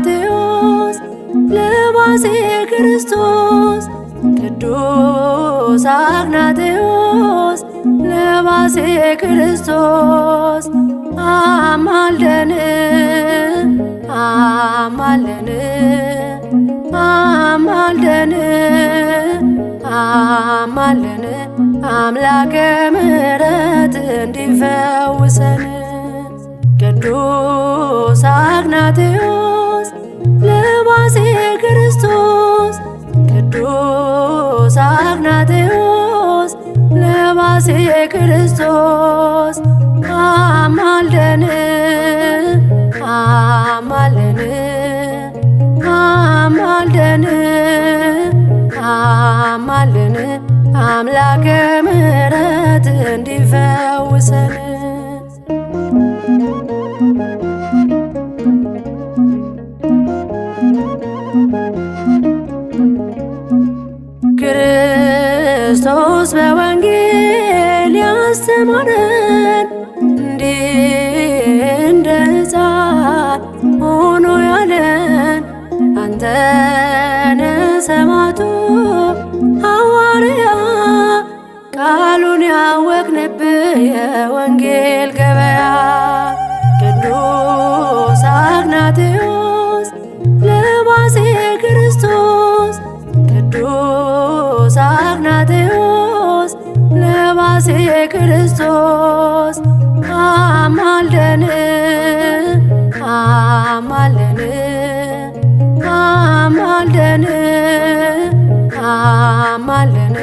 ማቴዎስ ልባሴ ክርስቶስ ቅዱስ አግናቴዎስ ለባሴ ክርስቶስ አማልደን አማልደን አማልደን አማልደን አምላከ ምሕረት እንዲፈውሰን ቅዱስ አግናቴዎስ ክርስቶስ አማልደን አማልደን አማልደን አማልደን አምላከ ምሕረት እንዲፈውሰን ክርስቶስ በወ ያስተማረን እንዲህ ሆኖ ያለን አንተነ ሰማዕቱ ሐዋርያ ቃሉን ያወቅንብ የወንጌል ገበያ ቅዱስ አማለን አማልደን አማለን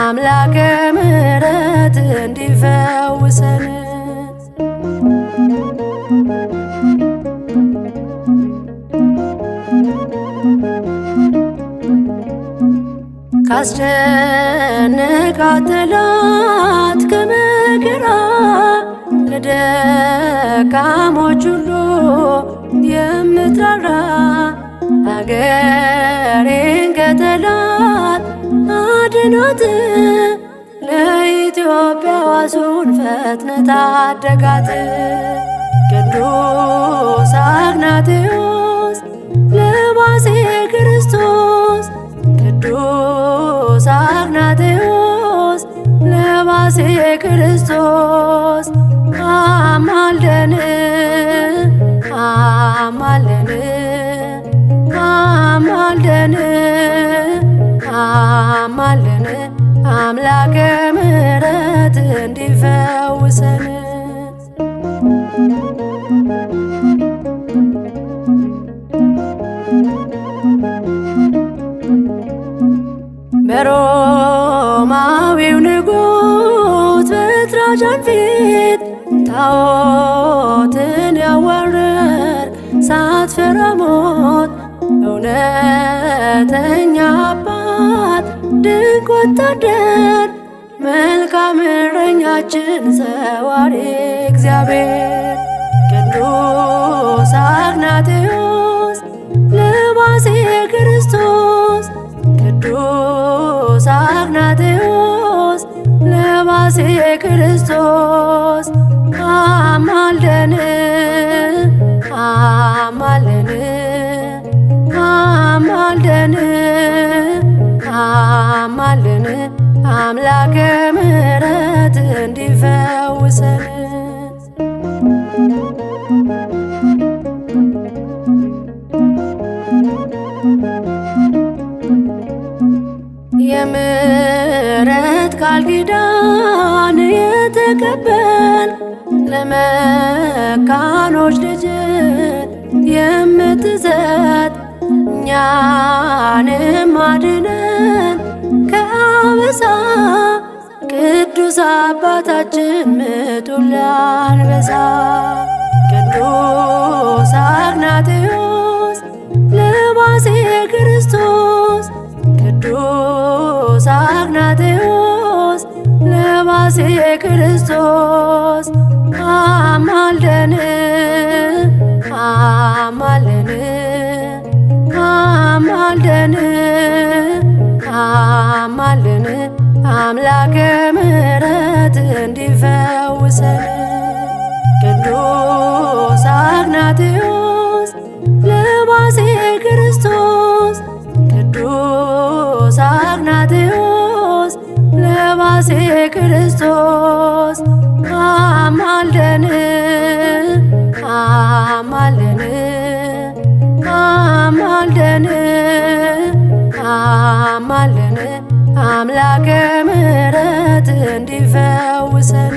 አምላከ ምሕረት እንዲፈውሰን ካስጨነቃት ጠላት ከመከራ ለደካሞች ሁሉ የምትራራ አገሬን ከተላት አድናት ለኢትዮጵያ ዋሱን ፈጥነ አደጋት አምላከ ምሕረት እንዲፈውሰን በሮማዊው ንጉሥ በትራጃን ፊት ታቦትን ያዋረድ ሳትፈራ ሞት እውነተኛ አደር መልካም እረኛችን እግዚአብሔር ቅዱስ አግናቴዎስ ለባሴ ክርስቶስ ቅዱስ አግናቴዎስ ለባሴ ክርስቶስ አማልደን አምላከ ምሕረት እንዲፈውሰን የምሕረት ቃል ኪዳን የተቀበል ለመካኖች ልጅን የምትሰጥ እኛንም አድነን ላንበሳ ቅዱስ አባታችን ምጡን ላንበሳ ቅዱስ አግናጥዮስ ለባሴ ክርስቶስ ቅዱስ አግናጥዮስ ለባሴ ክርስቶስ አማልደን አምላከ ምሕረት እንዲፈውሰን ቅዱስ አግናትዮስ ለባሴ ክርስቶስ ቅዱስ አግናትዮስ ለባሴ ክርስቶስ አማልደን አማልደን አማልደን አማልደን አምላከ ምሕረት እንዲፈውሰን